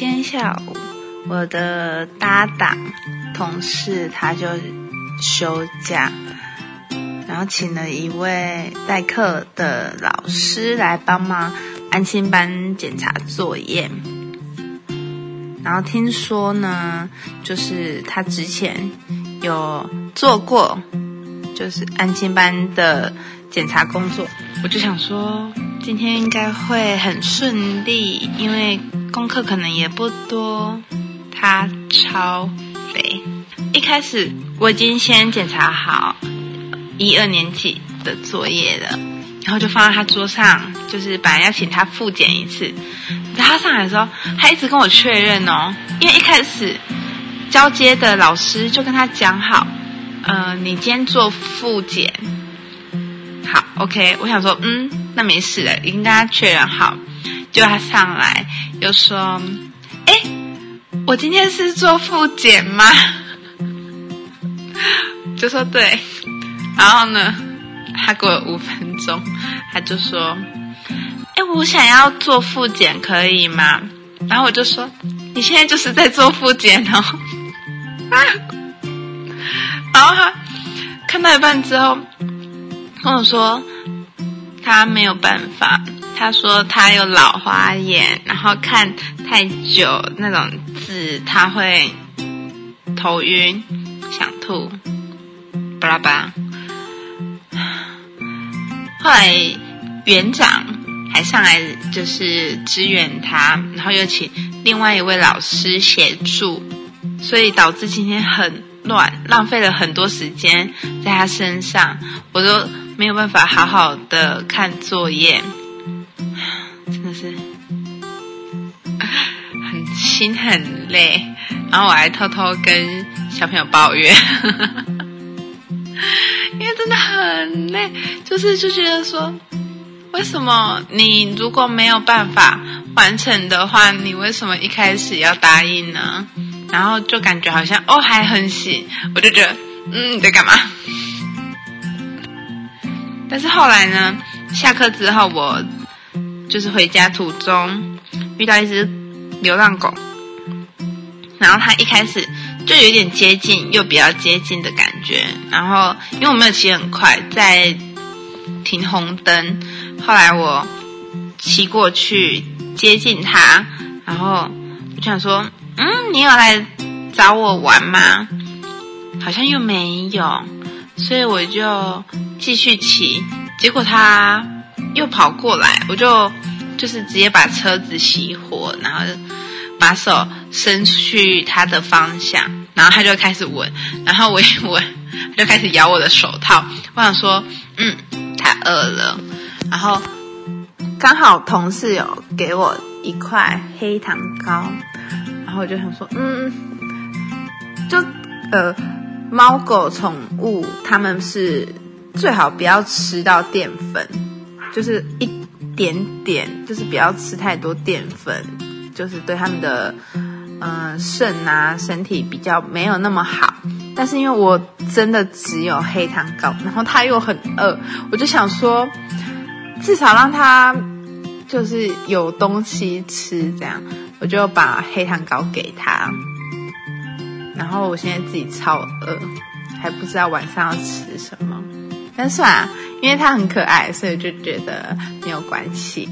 今天下午，我的搭檔同事他就休假，然後請了一位代課的老師來幫忙安親班檢查作業。然後聽說呢，就是他之前有做過，就是安親班的檢查工作，我就想說，今天應該會很順利，因為，功課可能也不多，他超肥。一開始我已經先檢查好一二年級的作業了，然後就放在他桌上，就是本來要請他複檢一次。然後他上來的時候，他一直跟我確認哦，因為一開始交接的老師就跟他講好，呃，你今天做複檢，好，OK。我想說，嗯，那沒事了，已經跟他確認好。就他上來，又說：“哎、欸，我今天是做複檢嗎？”就說對。然後呢，他給我五分鐘，他就說：“哎、欸，我想要做複檢，可以嗎？”然後我就說：“你現在就是在做複檢哦。 ”然後他看到一半之後，跟我說他沒有辦法。他說他有老花眼，然後看太久那種字，他會頭暈、想吐，巴拉巴。後來園長還上來就是支援他，然後又請另外一位老師協助，所以導致今天很亂，浪費了很多時間在他身上，我都沒有辦法好好的看作業。很心，很累，然後我還偷偷跟小朋友抱怨， 因為真的很累，就是就覺得說，為什麼你如果沒有辦法完成的話，你為什麼一開始要答應呢？然後就感覺好像哦還很喜，我就覺得嗯，你在幹嘛？但是後來呢，下課之後我。就是回家途中遇到一隻流浪狗，然後它一開始就有點接近，又比較接近的感覺。然後因為我沒有騎很快，在停紅燈。後來我騎過去接近它，然後我就想說：“嗯，你有來找我玩嗎？”好像又沒有，所以我就繼續騎。結果它。又跑過來，我就就是直接把車子熄火，然後就把手伸出去他的方向，然後他就開始聞，然後我一聞，他就開始咬我的手套。我想說，嗯，太餓了。然後剛好同事有給我一塊黑糖糕，然後我就想說，嗯，就呃貓狗寵物，他們是最好不要吃到澱粉。就是一點點，就是不要吃太多澱粉，就是對他們的嗯腎、呃、啊，身體比較沒有那麼好。但是因為我真的只有黑糖糕，然後他又很餓，我就想說，至少讓他就是有東西吃，這樣我就把黑糖糕給他。然後我現在自己超餓，還不知道晚上要吃什麼，但是啊因為它很可愛，所以就覺得沒有關係。